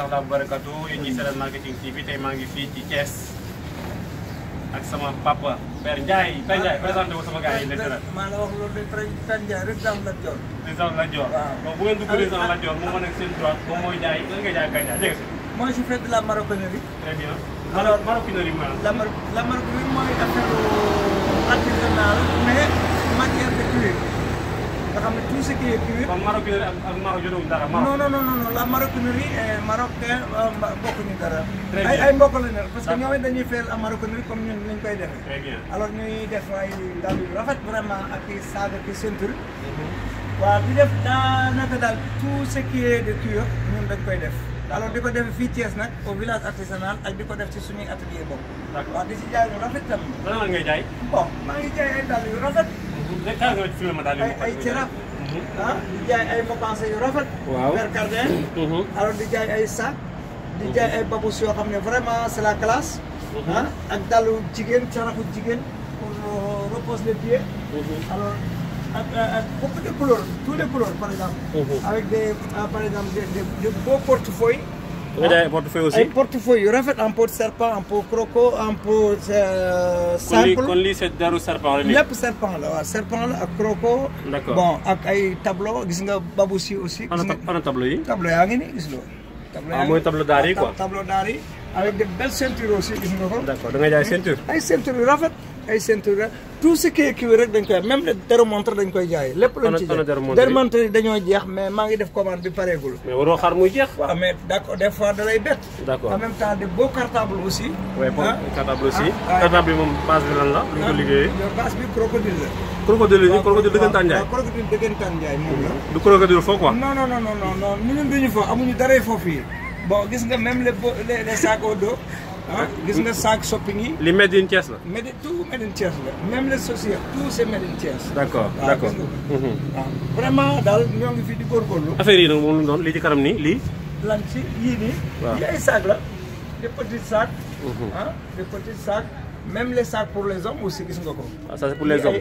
salaam barakatu yéen ñi seetaan marketing TV tey maa ngi fii ci Thiès ak sama papa Père Ndiaye Père Ndiaye présenté wu sama gars yi léegi nag. maa la wax loolu de Père Ndiaye président Lat Dior. président Lat Dior donc bu ngeen dugg président Lat Dior moom moo nekk seen droit moom mooy jaay lan nga jaay ak Gandia dégg nga. moi je fais de la maroquinerie. très bien alors maroquinerie mooy la. la maroquinerie mooy affaire artisanale mais. xam ne tout ce qui est cuir. kon la maroquinerie et marocain euh, bokkuñu dara. ay ay mbokk lañu parce que ah. ñoom dañuy fayal la maroquinerie comme ñun ñu koy defee. très bien alors ñuy def a daal yu rafet vraiment ak i saag mhm. daal tout ce qui est de ñun dañ koy def. alors di ko def fii Thiès nag au village artisanal ak di ko def ci suñuy atelier boobu. waaw di si jaay lu rafet tam. a ngay jaay. bon maa ngi jaay ay dàll yu rafet. ay ay cirab ah di jaay ay mopense yu rafet vers gardien mhm. alors di jaay ay sac di jaay ay babus yoo xam ne vraiment c'est la classe mhm. ah ak dalu jigéen caraxu jigéen pour euh, repose les pieds mhm. alors ak euh, ak beaucoup de couleurs tous les couleurs par exemple avec des euh, par exemple des des beaux portefeuilles nga jaay ay portefeuille aussi ay portefeuille yu rafet en pot serpent en pot croco en pot euh, simple kon lii c'est daru serpent la lépp serpent la waaw serpent la ak croco bon ak ay tableau gis nga babousi aussi ana tableau yi tableau yaa ngi nii gis loo tableau ah, yaa mooy tableau daar yi quoi tableau daar yi avec de belles ceintures aussi gis nga ko d'accord da nga jaay ceinture ay ceinture yu rafet ay ceinture la tout ce qui est cuir rek dañ koy même le thermomètre dañ koy jaay lépp lañ ci jaay thermomètre yi dañoo jeex mais maa ngi def commande bi pareegul mais waroo xaar muy jeex waaw mais d'accord des fois da lay bett d'accord en même temps de ah. cartable aussi cartable ah, aussi ah, cartable bi moom base bi lan la lu ko liggéeyee base bi crocodile la crocodile yi crocodile dëggantaan njaay moom la du crocodile foofu quoi non non non non non foofu ah gis nga saak shopping yi. li Médine Thiès la. Médine tout Médine Thiès la. même les sociétés tout c'est Médine Thiès. d'accord ah, d'accord waaw mhm. ah, vraiment daal ñoo ngi fi di góorgóorlu. affaire yi na moom lu doon li ci kanam ni lii. lan ci yii nii. waaw yii ay saak la des petits sacs. Mhm. ah des petits sacs. même les sacs pour les hommes aussi gis nga ko. ah ça c'est pour les hommes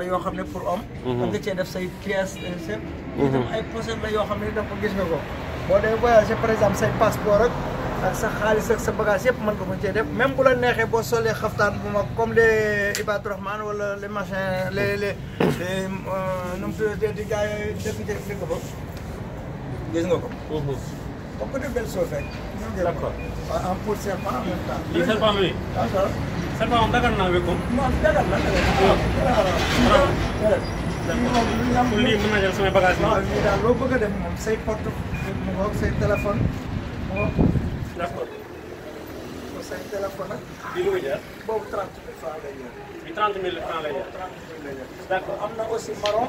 la yoo xam ne pour homme. da mhm. nga cee def say pièces seen. itam yoo xam ne dafa gis nga ko. boo dee voyager par exemple say passeport ak. ak sa xaalis ak sa bagage yëpp mën nga ko cee def même bu la neexee boo solee xaftaan bu mag comme les Ibadou Rahman wala les machin les les les euh, nu mu tuddati di gars yooyu def nga dégg nga ko gis nga ko. Mhm. on peut de belles choses rek. d' accord en ah, pour serpent en même temps. lii serpent bi. d'accord ah, serpent moom dagal naa wékkoon. non dagal la dagal. waaw waaw waaw. lii mën naa jël samay bagage. waaw ah, lii daal loo bëgg a def moom say porte mu ngoog say téléphone mu ngoog. d' accord. sa téléphone nag. bii muy jar. boobu 30 000 francs lay jar. bi 30 000 francs lay jar. 30 000 lay jar. d' accord am na aussi marron.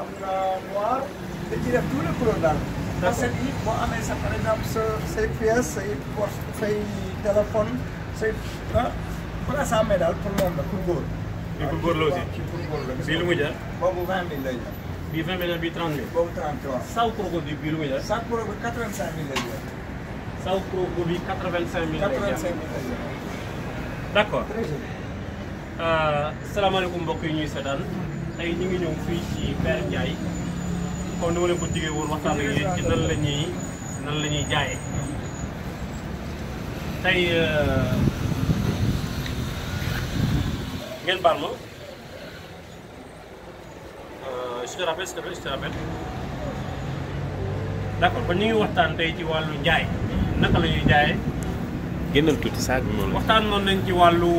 am na noir. da ciy def tous les couleurs daal. d' accord parce que it boo amee sa par exemple sa say pièces say poche say téléphone say ah pour assemblée daal pour moom la pour góor. bii pour góor la aussi pour góor la. bii lu muy jar. boobu 20 000 lay jar. bii 20 000 bii 30 000. boobu 30 waaw. saako kooku bii lu muy jar. saako kooku 85 000 lay jar. saw pro bi quatre vingt cinq mille d' accord euh, salaamaaleykum mbokk yi ñuy seetaan tey ñu ngi ñëw fii ci Père Ndiaye comme ni ko digee woon waxtaan ak yéen ci nan la ñuy nan la ñuy tey euh, ngeen baal ma euh, je te rappelle je te ñu ngi waxtaan tey ci wàllu njaay naka la ñuy jaayee. génnal tuuti saag bi moom la. waxtaan noonu nañ ci wàllu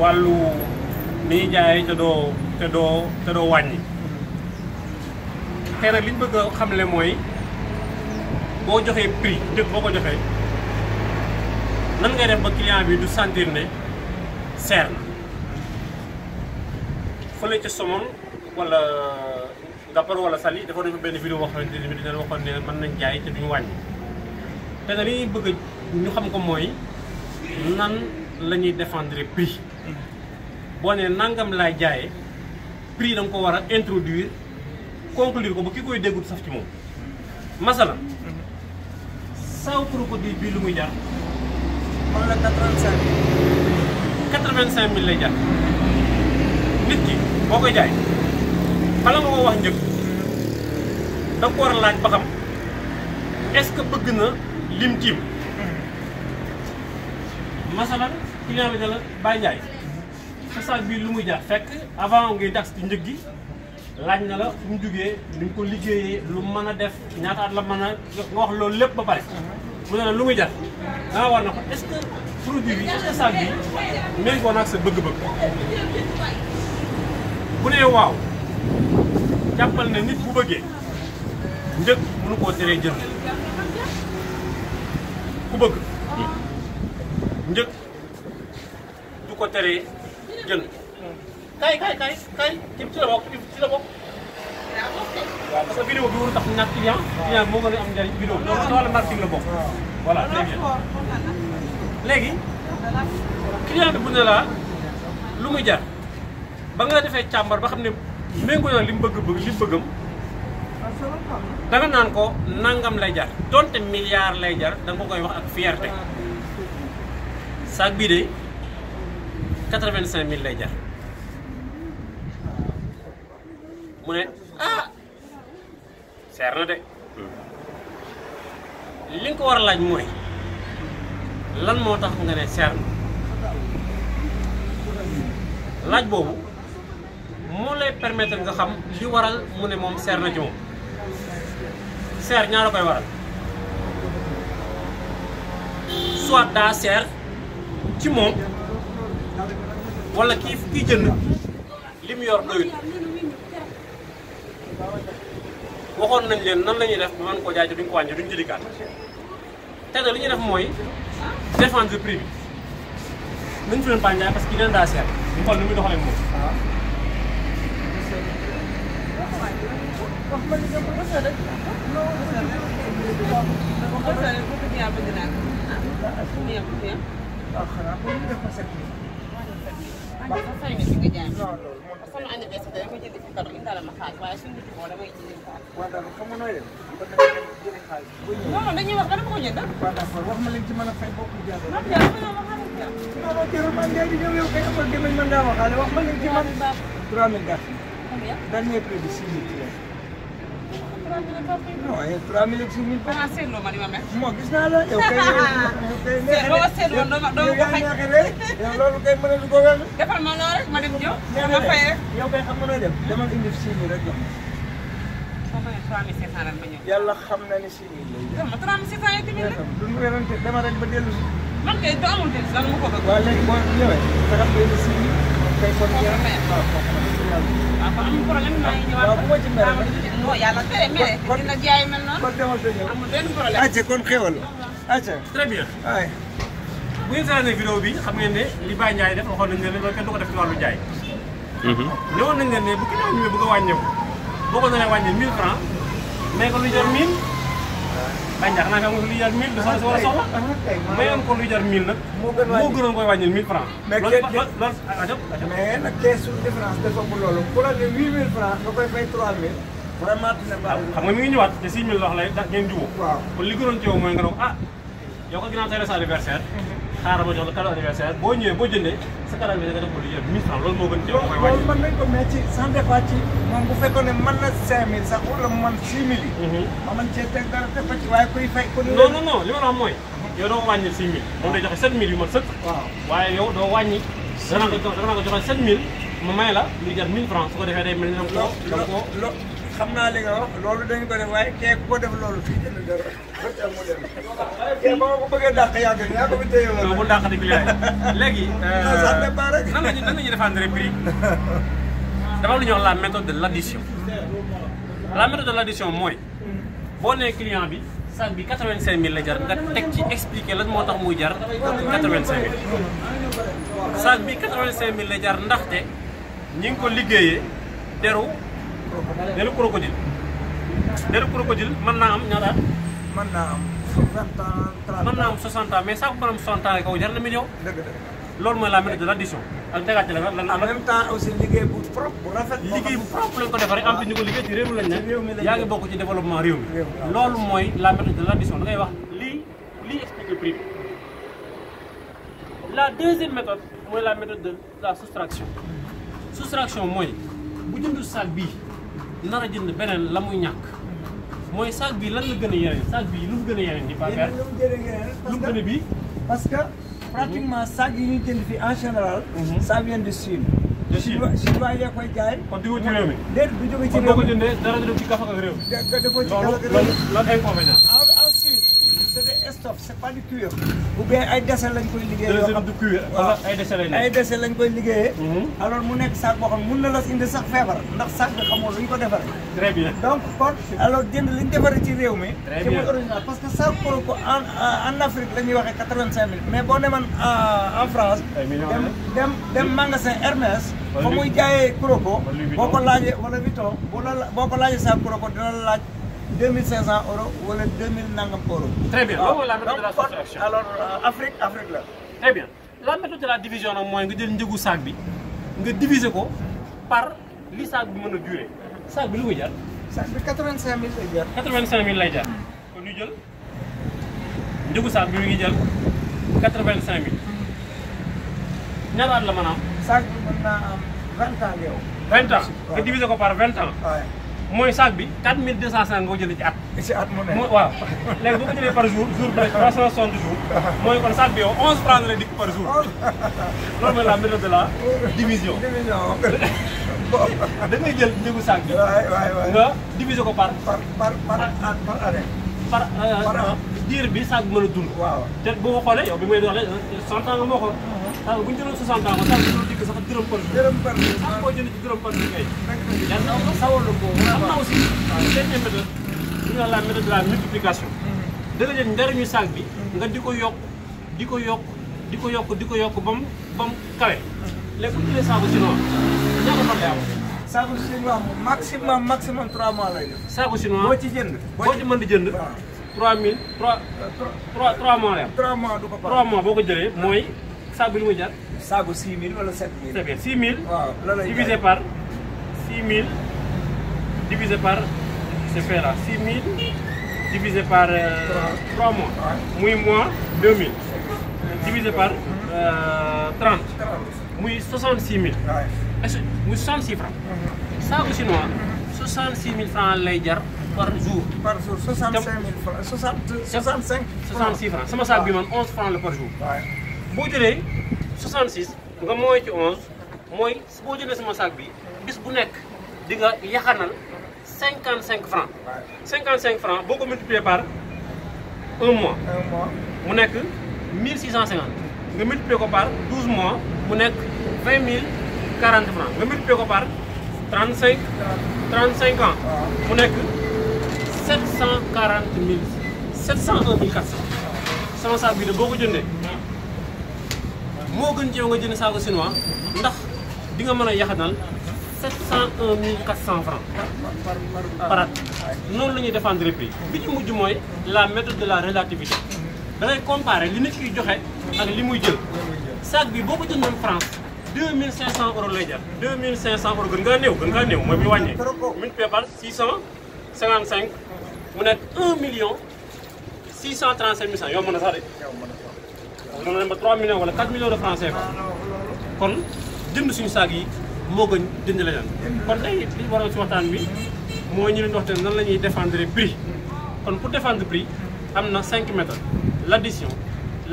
wàllu ni ñuy jaayee te doo te doo te doo wàññi. xëy na li bëgg a xamle mooy boo joxee prix njëg boo ko joxee nan ngay def ba client bi du sentir ne seer na fële ca somon wala Ngaparou wala Saly dafa def benn vidéo boo xamante ne bii dinañ waxoon ne mën nañ jaay te duñu wàññi. te nag li bëgg ñu xam ko mooy nan la ñuy défendre prix boo nee nangam laay jaaye prix da nga ko war a introduire conclure ko ba ki koy déggul saf ci moom masalan saw crocodile bii lu muy jar man la quatre-vingt-cinq mille quatre-vingt-cinq lay jar nit ki boo koy jaay bala nga ko wax njëkk da ko war a laaj ba xam est-ce que bëgg na lim tiim masalan client bi da la Baye bii lu muy jaar fekk avant ngay tax ci njëg gi laaj na la fu mu jugee ni mu ko liggéeyee lu mën a def ñaata at la mën a nga wax loolu lépp ba pare mu ne la lu muy jar danga war na ko est-ce que produit bi est-ce que saag ak sa bëgg-bëgg bu nee waaw jàppal ne nit bu bëggee njëg mënu koo teree jënd ku bëgg njëkk du ko teree jën kay kay kay kay jëm ci la bokk jëm ci la bokk waaw parce bi warul tax ñàkk client client moo gën a am njëriñ vidéo loolu ci wàllu marketing la bokk léegi client bu ne laa lu muy jar ba nga defee càmbar ba xam ne méngoo na li mu bëgg bëgg li bëggam danga naan ko nangam lay jar donte milliard lay jar da nga koy wax ak fierté saag bii de quatre vingt mill lay jar mu ne ah seer na de li nga ko war a laaj mooy lan moo tax nga ne seer na laaj boobu moo lay permettre nga xam li waral mu ne moom seer na ci moom seer ñaar a koy waral soit daa seer ci moom wala kii kii jënd li yor doyut waxoon nañ leen nan la ñuy def ba mën koo jaay duñ ko wàññi duñ jëlikaat te nag li ñuy def mooy défendre prix bi nañ fi leen bañ jaay parce que yeneen daa seer ñu xool ni muy doxalee moom. wax ma ni nga bu bësa rek. loo bësa rek. bu bësa rek bu ko jaar ba dinaa ko. ah fu mu yem fu mu yem. waaw xanaa ba ñu def ko set bi. waaw sa fay nga si nga jaay. non loolu moom parce que sama année bés dama jënd ci kado indi la ma xaalis waaye suñu nit boo damay jënd xaalis. waaw daal xam nga nooy def. ba dama jënd xaalis. non non dañuy wax ba dama ko jënd. waaw d'accord wax ma leen ci mën a fay bokk jaar. non jaar ma yow waxal jaar. non non jarul man ngay di ñëw yow kay amal gémmañ mën ngaa waxaale wax ma leen ci man. 3000 gàtt. dernier prix bi 6 000 non ay 3000 ak 6000. xanaa seetloo ma li ma mel. moo gis naa la yow kay. yow kay neexee yow loolu kay mën a lu ko wér. defal ma loolu rek ma dem ñëw. ma fay rek yow kay xam nga nooy def. dama indi 6000 rek jox soo ko defee 3700 lan ma ñëw. yàlla xam na ne 6000 lay def. ma 3700 yeeg tamit nag. du ñu werante dama rek ba dellu si. man kay du amul dellu si lan ma ko bëgg. waaw léegi boo ñëwee. nga xam nga indi 6000. kay kon waaw kon amul problème maa ngi ñëwaat. bu ma ci mere non yàlla sa ñëw bi xam ngeen ne li Baye Ndiaye def waxoon nañ leen ne kenn du ko def ci wàllu jaay. Mhm. newoon nañ leen ne bu kenn a wàññeeku boo ko doonee wàññee 1000 ko lu jar waaw ñax naa nga am lu jar 1000 200 war a soxla. Ah, ah, ah, may am ko lu jar 1000 nag. moo gën moo gënoon koy wàññil 1000 francs. mais loolu mais nag keesu différence dafa ëpp loolu. ku la ne 8000 francs nga koy fay 3000. vraiment dina baax xam nga mi ngi ñëwaat te 6000 wax lay da ngeen jubóo. waaw kon li gënoon ci yow mooy nga ne ko ah yow ko ginnaaw sa anniversaire. Mhm. xaaral ma jox la cadeau anniversaire boo ñëwee boo jëndee sa cadeau bi da nga loolu moo gën ci yow mhm. ma mën cee teg dara def ci waaye kuy fay ko non non non li ma la mooy yow doo wàññi 6000 moom day joxe waaye yow doo wàññi danaa ko joxe 7000 ma may la lu jar 1000 francs su ko defee day mel ni da xam naa li loolu dañu ko def waaye kee ko def loolu si jënd dara kee ba ma ko bëggee dàq na yaa ko fi téye bu dàq di bilaay léegi euh, nan la ñuy nan la ñuy défendre prix dafa am lu ñuy wax la méthode de l'addition la méthode de l'addition boo nee client bi sac bi 85000 la jar nga teg ci expliquer lan moo tax muy jar 85000 sac bi 85000 la jar ndaxte ñi ngi ko liggéeyee teru deru crocodile deru crocodile naa am ñaata at naa am soixante ans trente mën naa am soixante ans mais saako maanaam soixante na million dëgg dëgg loolu mooy la méthode la loolu mooy la méthode de l'addition da ngay la deuxième méthode mooy la méthode de la soustraction soustraction mooy bu jëndul salle bii nar jënd beneen la muy ñàkk mooy saag bi lan la gën a yeneen saag bi lu mu gën a yeneen di paper lu mu gën a bii parce que pratiquement saag yi ñu jënd fii en général mhm. ça vient de Chine Chinois Chinois yee koy jaay kon di ko ci réew mi déet du jóge ci réew stoff c' est pas du cuir. ou bien ay déchets lañ koy liggéey. yoo xam du cuir ay ay déchets lañ koy liggéeyee. Ah, mhm. alors mu nekk saak boo xam mun na la indi sax feebar ndax saak bi xamoo lu ñu ko defaree. très bien donc kon alors jënd li ñu defaree ci réew mi. très bien ci original parce que saak pour ko en Afrique la ñuy mais boo demoon en France. dem dem dem magasin Hermès. fa muy jaayee kuroko. boo ko laajee wala Vuitton boo ko laajee saak kuroko dina laaj. deux mille cinq cent euros wala deux mille nangam euros. très bien loolu la méthode de la soustraction alors euh, Afrique Afrique la. très bien la méthode de la division nag mooy nga jël njëgu saag bi nga diviser ko par li saag bi mën a durer saag bi lu muy jar. saag bi quatre vingt cinq mille kon ñu jël njëgu saag bi mi ngi jël quatre cinq mille. ñaata at la mën am. saag bi mën naa am vingt ans yow. vingt ans nga diviser ko par vingt ans. mooy saag bi 4250 nga ko jëlee ci at. ci at mu ne waaw léegi bu ko jëlee par jour jour bi la 360 jours. mooy kon saag bi yow 11 francs la dikk par jour. loolu la méthode de la division. division da ngay jël njëgu saag bi. waay waay waay nga diviser ko par. par par par par année. par euh, par diir bi saag bi mën a dund. waaw te bu ma xoolee yow bi may doole 100 ans nga ma waxoon. waaw bu ñu jëloon 60 ans ba saa yu dikk sax dërëm par dërëm par sax boo jënd ci dërëm ko am na aussi seen méthode ñu naan la méthode de la multiplication mm. bi mm. nga di ko yokk di ko yokk di ko yokk di ko yokk ba mu ba mu kawe mm. léegi bu ñu jëlee saako chinois ñaata fan lay am saako chinois maximum maximum 3 mois lay def saako chinois boo ci jënd boo di jënd 3000 3 3 mois boo ko jëlee ah. mooy saabu lu muy jar. saabu 6000 wala 7000. c'est bien 6000. waaw lan lay par 6000 divisé par c'est fait là 6000 par. 3 mois. muy mois 2000. divisé par 30. Euh, muy 66000. waaw mhm. euh, est-ce que muy 66 francs. Mhm. saabu chinois 66000 mhm. francs lay jar. par jour par jour 65000 francs 65. 65 bi man 11 francs la par jour. boo jëlee 66 nga mooy ci 11 mooy boo jëlee sama sac bi bis bu nekk di nga yaxanal 55 francs 55 francs boo ko multiplier par mois. mu nekk 1650 nga multiplier ko par 12 mois mu nekk 20 040 francs nga multiplier ko par 35 35 ans mu nekk 740 000 701 sama sac bi de boo ko jëndee. moo gën jeew yow nga jënd saako chinois ndax di nga mën a yaxanal 701 mille 400 francs ah. par at noonu la ñuy défendre prix bi ci mujj mooy la méthode de la relativité da ngay comparer li nit kiy joxe ak li muy jël sac bi boo ko jëndoon France 2500 euros lay jar 2500 euros gën ngaa néew gën ngaa néew mooy bu ñu wàññee mille PayPal 655 mu nekk 1 million 635 mille cent yow mën a sax de moom leen ba 3 millions wala 4 millions de francs CFA kon jënd suñu saag yi moo gën jënd leneen kon tey li waroon si waxtaan bi moo ñu leen wax te nan la ñuy défendre kon pour defendre prix am na 5 méthodes l'addition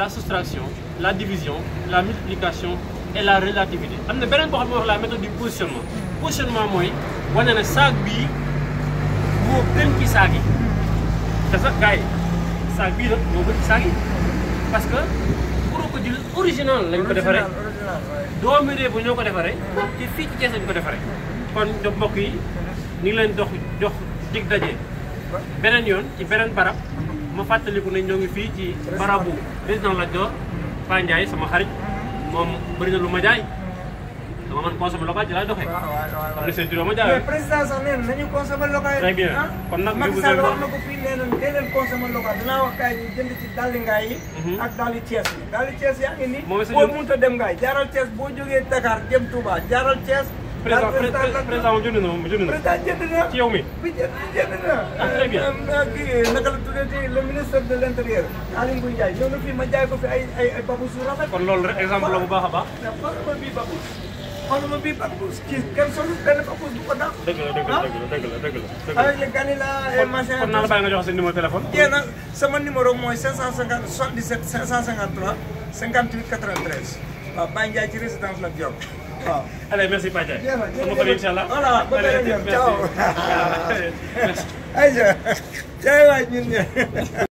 la soustraction la division la multiplication et la relativité am na beneen boo xam ne wax la méthode du positionnement positionnement mooy wane ne saag bi moo gën ci saag yi te sax saag bii moo gën ci saag yi parce que jul original lañ ko defaree doomi réew mi ñoo ko defaree te fii ci Thiès lañ ko defaree kon do mbokk yi ni ngi leen dox jox dig daje beneen yoon ci beneen barab ma fàttaliku ne ñoo ngi fii ci barabu président Lat Dior Pa sama xarit moom bëri na lu ma jaay dama mën consommer local ci laay doxee. waaw waaw waaw seen juróom a jaay. mais président sax nee nañu consommer local. très bien kon nag Macky Sall wax na ko fii nee nañu dee leen consommer local dinaa wax kaay ñu jënd ci dàlli ngaay yi. ak dàlli Thiès yi dàlli Thiès yaa ngi nii. moom boo mënut a dem ngaay jaaral Thiès boo jógee Dakar jëm Touba jaaral Thiès. président président jënd na moom jënd na. président jënd na ci yow mi. bi jënd jënd na. ah très bien kii naka la tuddee le ministre de l' intérieur. Aly Ngouille Ndiaye ñëw na fii ma jaay ko fi ay ay ay babu su rafet. kon loolu rek exemple la bu baax a baax. xooluma bii Papousse kii kenn solo benn Papousse du ko dàq. dëgg la dëgg la dëgg la dëgg la. avec le Ganila et machin. kon naa la bàyyi nga jox sa numéro téléphone. yéen nag sama numéro mooy 550 77 553 résidence la Diop waaw. allez merci Baye Ndiaye. jërëjëf sama kër incha allah. voilà ba beneen yoon ciao. ayca jërëjëf waay